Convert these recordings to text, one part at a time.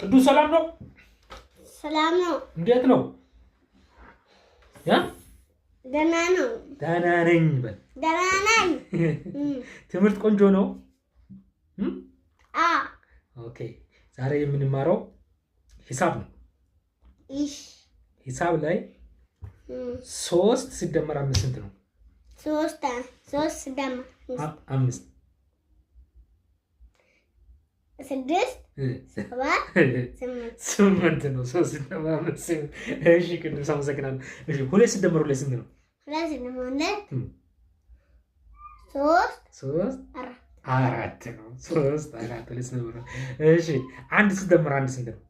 ቅዱስ ሰላም ነው? ሰላም ነው። እንዴት ነው? ደህና ነው። ደህና ነኝ በል። ደህና ነኝ። ትምህርት ቆንጆ ነው። ኦኬ። ዛሬ የምንማረው ሂሳብ ነው። ሂሳብ ላይ ሶስት ሲደመር አምስት ስንት ነው? ሶስት ሲደመር አምስት ስድስት ስምንት ነው። ሶስት ቅዱስ አመሰግናለሁ። ሁለት ስደመር ሁለት ስንት ነው? ሶስት አራት ነው። ሶስት አራት ሁለት እሺ፣ አንድ ሲደመር አንድ ስንት ነው?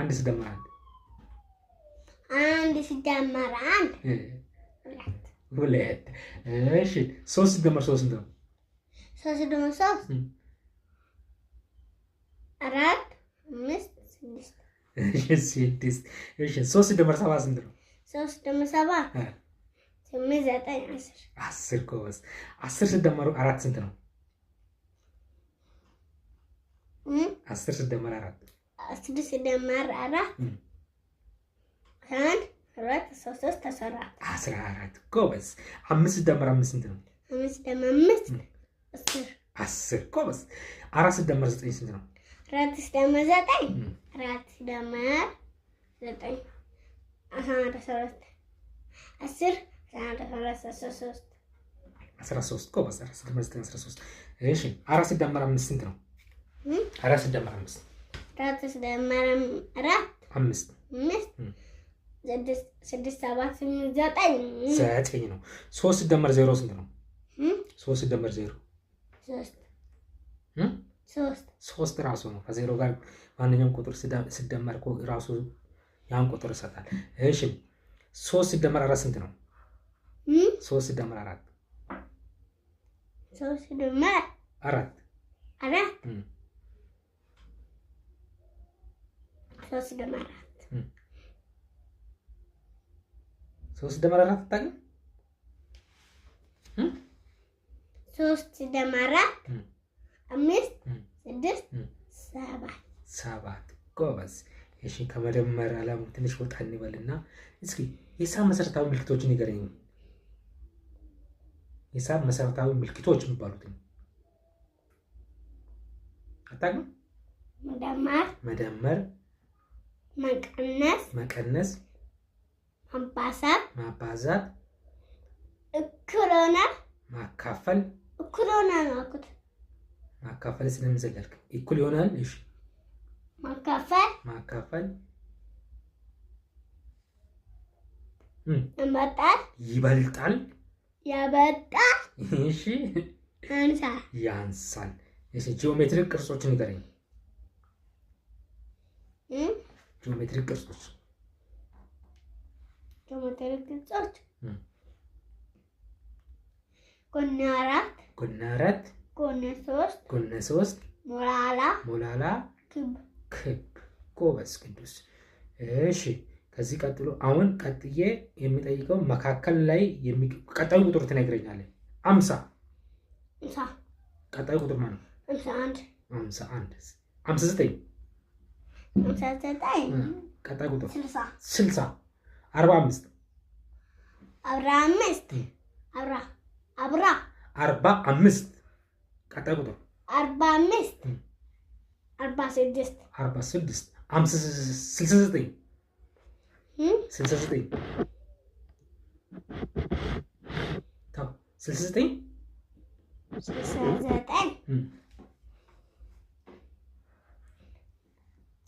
አንድ ሲደመር አንድ አንድ አንድ ሁለት። እሺ፣ ሶስት ሶስት ስንት ነው? ሶስት ደግሞ ሶስት አራት አምስት ስድስት ስድስት እሺ ሶስት ድምር ሰባ ስንት ነው? ሶስት ድምር ሰባ ስምንት ዘጠኝ አስር አስር ጎበዝ አስር ስደመሩ አራት ስንት ነው? አስር ስደመር አራት አስር ስደመር አራት አንድ ሁለት ሶስት ሶስት ተሰራ አስራ አራት ጎበዝ አምስት ስደመር አምስት ስንት ነው? አምስት ደመር አምስት አስር ጎበዝ። አራት ስደመር ዘጠኝ ስንት ነው? አራት ስደመር ዘጠኝ አራት ስደመር ዘጠኝ አስራ ሶስት ጎበዝ። አራት ስደመር ዘጠኝ አስራ ሶስት እሺ። አራት ስደመር አምስት ስንት ነው? አራት ስደመር አምስት አራት ስደመር አራት አምስት አምስት ስድስት ሰባት ዘጠኝ ዘጠኝ ነው። ሶስት ስደመር ዜሮ ስንት ነው? ሶስት ስደመር ዜሮ ሶስት ራሱ ነው። ከዜሮ ጋር ማንኛውም ቁጥር ሲደመር ራሱ ያን ቁጥር ይሰጣል። እሺ ሶስት ሲደመር አራት ስንት ነው? ሶስት ሲደመር አራት አራት አራት ሶስት ሲደመር አራት ሶስት ሲደመር አራት ታገኝ ሶስት ደም አራት አምስት ስድስት ሰባት ሰባት። ጎበዝ። እሺ ከመደመር ዓላማ ትንሽ ወጣ እንበልና እስኪ የሂሳብ መሰረታዊ ምልክቶችን ንገረኝ። የሂሳብ መሰረታዊ ምልክቶች የሚባሉት አታውቅም? መደመር፣ መደመር፣ መቀነስ፣ መቀነስ፣ ማባዛት፣ ማባዛት፣ እኩል ሆነ፣ ማካፈል እኩል ይሆናል አልኩት። ማካፈል ስለምን ዘለልክ? እኩል ይሆናል። እሺ ማካፈል ማካፈል ይበልጣል ይበልጣል ያበጣል። እሺ ያንሳል ያንሳል። እሺ ጂኦሜትሪክ ቅርጾችን ንገረኝ። ጂኦሜትሪክ ቅርጾች ጂኦሜትሪክ ቅርጾች ጎነ አራት ጎነ አራት ጎነ ሶስት ጎነ ሶስት ሞላላ ሞላላ ክብ ክብ። ጎበዝ ቅዱስ። እሺ ከዚህ ቀጥሎ አሁን ቀጥዬ የሚጠይቀው መካከል ላይ ቀጣዩ ቁጥር ትነግረኛለህ። አምሳ አምሳ ቀጣዩ ቁጥር ማለት ነው። አምሳ አንድ አምሳ አንድ አምሳ ዘጠኝ አምሳ ዘጠኝ ቀጣይ ቁጥር ስልሳ ስልሳ አርባ አምስት አርባ አምስት አብራ አብራ አርባ አምስት ቀጣይ ቁጥር አርባ አምስት አርባ ስድስት አርባ ስድስት ስልሳ ዘጠኝ ስልሳ ዘጠኝ ስልሳ ዘጠኝ ስልሳ ዘጠኝ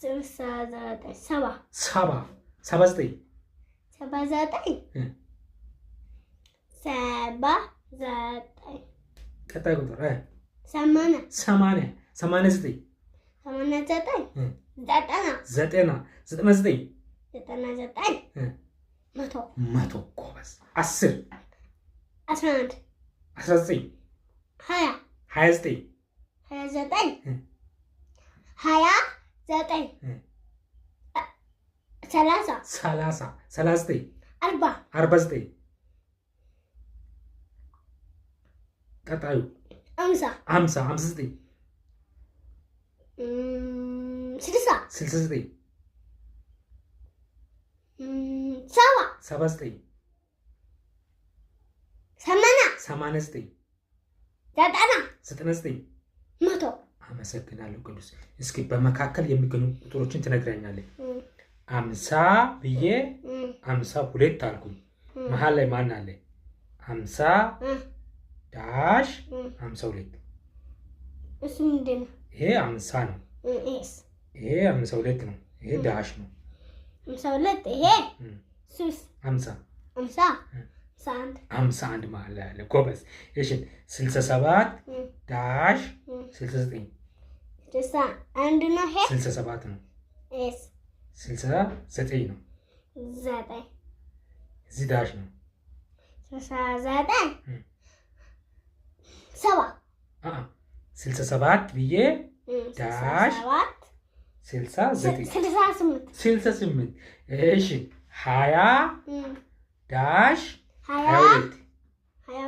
ስልሳ ዘጠኝ ሰባ ሰባ ሰባ ዘጠኝ ሰባ ዘጠኝ ሰባ ዘጠኝ ቀጣይ ቁጥር ሰማንያ ሰማንያ ሰማንያ ዘጠኝ ሰማንያ ዘጠኝ ዘጠና ዘጠና ዘጠና ዘጠኝ ዘጠና ዘጠኝ መቶ መቶ ጎበዝ አስር አስራ አንድ አስራ ዘጠኝ ሀያ ሀያ ዘጠኝ ሀያ ዘጠኝ ሀያ ዘጠኝ ሰላሳ ሰላሳ ሰላሳ ዘጠኝ አርባ አርባ ዘጠኝ ቀጣዩ አምሳ አምሳ ዘጠኝ ስልሳ ስልሳ ዘጠኝ ሰባ ሰባ ዘጠኝ ሰማንያ ዘጠኝ ዘጠና ዘጠና ዘጠኝ መቶ አመሰግናለሁ ቅዱስ እስኪ በመካከል የሚገኙ ቁጥሮችን ትነግረኛለን አምሳ ብዬ አምሳ ሁለት አልኩኝ መሀል ላይ ማን አለ አምሳ ዳሽ አምሳ ሁለት እሱ ምንድን ነው? ይሄ አምሳ ነው። ይሄ አምሳ ሁለት ነው። ይሄ ዳሽ ነው። አምሳ ሁለት ይሄ ሱስ አምሳ አምሳ አምሳ አንድ መሀል ያለ ጎበዝ። እሺ ስልሳ ሰባት ዳሽ ስልሳ ዘጠኝ ስልሳ አንድ ነው። ይሄ ስልሳ ሰባት ነው። ስልሳ ዘጠኝ ነው። ዘጠኝ እዚህ ዳሽ ነው። ስልሳ ዘጠኝ ሰባ ስልሳ ሰባት ብዬ ዳሽ ስልሳ ዘጠኝ ስልሳ ስምንት እሺ ሀያ ዳሽ ሀያ ሀያ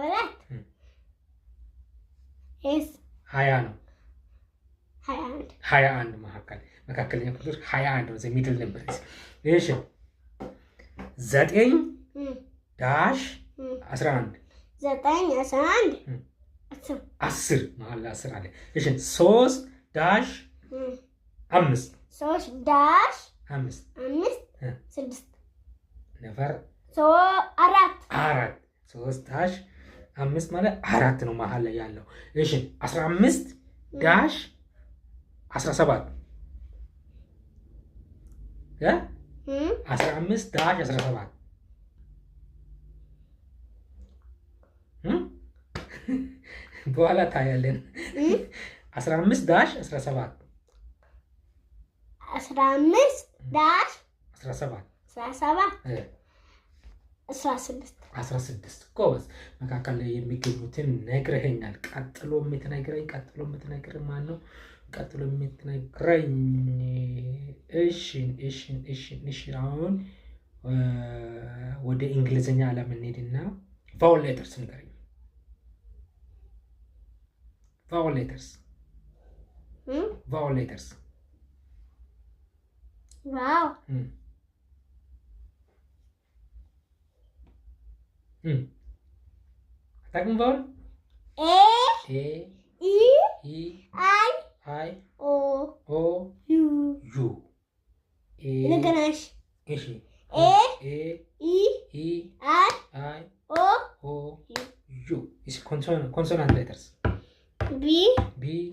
ሁለት ሀያ ነው። ሀያ አንድ መካከል መካከለኛ ቁጥር ሀያ አንድ ነው። ሚድል ነበር። እሺ ዘጠኝ ዳሽ አስራ አንድ ዘጠኝ አስራ አንድ አስር መሀል አስር አለ። እሺ ሶስት ዳሽ አምስት ሶስት ዳሽ አምስት አምስት ስድስት ነፈር አራት አራት ሶስት ዳሽ አምስት ማለት አራት ነው መሀል ላይ ያለው። እሺ አስራ አምስት ዳሽ አስራ ሰባት አስራ አምስት ዳሽ አስራ ሰባት በኋላ ታያለን። አስራ አምስት ዳሽ አስራ ሰባት አስራ አምስት ዳሽ አስራ ሰባት አስራ ሰባት አስራ ስድስት ጎበዝ። መካከል ላይ የሚገኙትን ነግረኸኛል። ቀጥሎ የምትነግረኝ ቀጥሎ የምትነግረኝ ማን ነው? ቀጥሎ የምትነግረኝ እሺን አሁን ወደ እንግሊዝኛ ለምንሄድና እንሂድና ቫውል ሌተርስ ንገረኝ። Violators. Hum? Violators. Wow. Hum. Hum. Tá com vowel? E. E. I. I. I. I. O. O. U. U. E. E. E. I. I. I. O. O. U. Isso, consonant, consonant letters. B B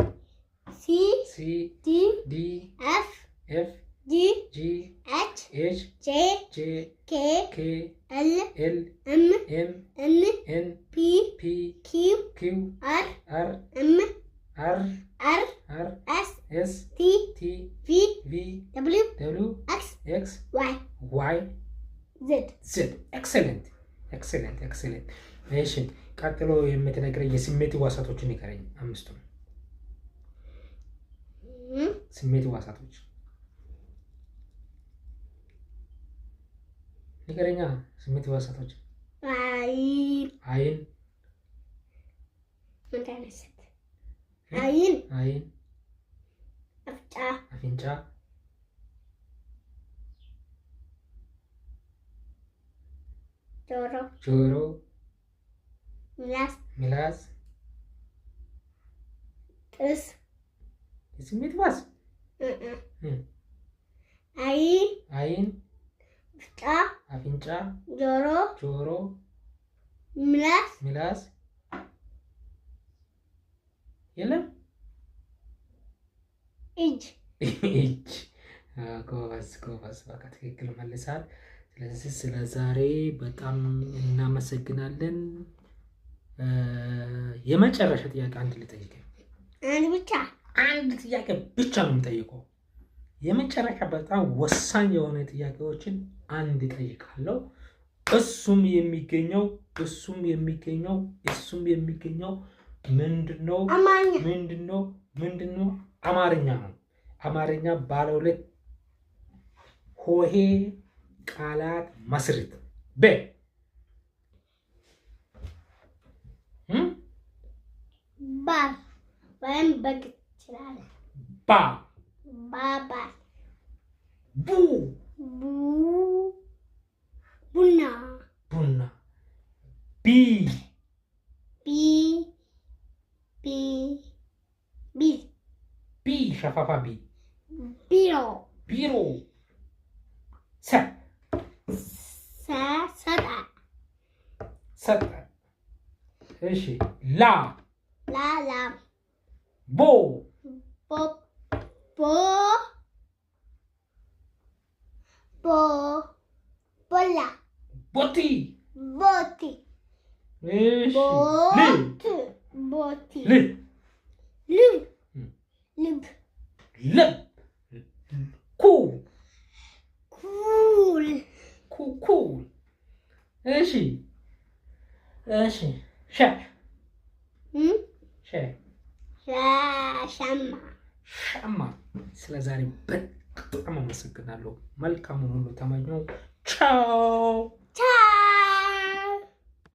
C C D D F F G G H H J J K K L L M M N N P P Q Q R R M R R R S S T T V V W W X X Y Y Z Z excellent excellent excellent እሺ ቀጥሎ የምትነግረኝ የስሜት ህዋሳቶችን ንገረኝ። አምስቱ ስሜት ህዋሳቶች ንገረኛ። ስሜት ህዋሳቶች አይን፣ አይን፣ አይን፣ አፍንጫ፣ አፍንጫ ጆሮ፣ ጆሮ ምላስ፣ ጥስ፣ የስሜት ዋስ፣ አይን፣ አይን፣ አፍንጫ፣ አፍንጫ፣ ጆሮ፣ ጆሮ፣ ምላስ፣ ምላስ የለም። እጅ እጅ። ጎበዝ ጎበዝ። በቃ ትክክል መልሳል። ስለዚህ ስለ ዛሬ በጣም እናመሰግናለን። የመጨረሻ ጥያቄ አንድ ልጠይቅ። አንድ ብቻ አንድ ጥያቄ ብቻ ነው የምጠይቀው። የመጨረሻ በጣም ወሳኝ የሆነ ጥያቄዎችን አንድ ጠይቃለሁ። እሱም የሚገኘው እሱም የሚገኘው እሱም የሚገኘው ምንድነው? ምንድነው? ምንድነው? አማርኛ ነው። አማርኛ ባለ ሁለት ሆሄ ቃላት መስርት ቤ ባ ወይም በግ ይችላል። ባ ባባ ቡ ቡ ቡና ቡና ቢ ቢ ቢ ቢ ቢ ሸፋፋ ቢ ቢሮ ቢሮ ሰ ሰ ሰጠ ሰጠ እሺ ላ Bowl. Bo. Bo. Bo. Bola. Boti. Boti. Bot. Boti. Lib. Lib. Lib. Hmm. Lib. Cool. Cool. Cool. Cool. ايشي ايشي Hmm. شاك ሻማ ሻማ። ስለ ዛሬ በጣም አመሰግናለሁ። መልካሙን ሁሉ ተመኘው። ቻው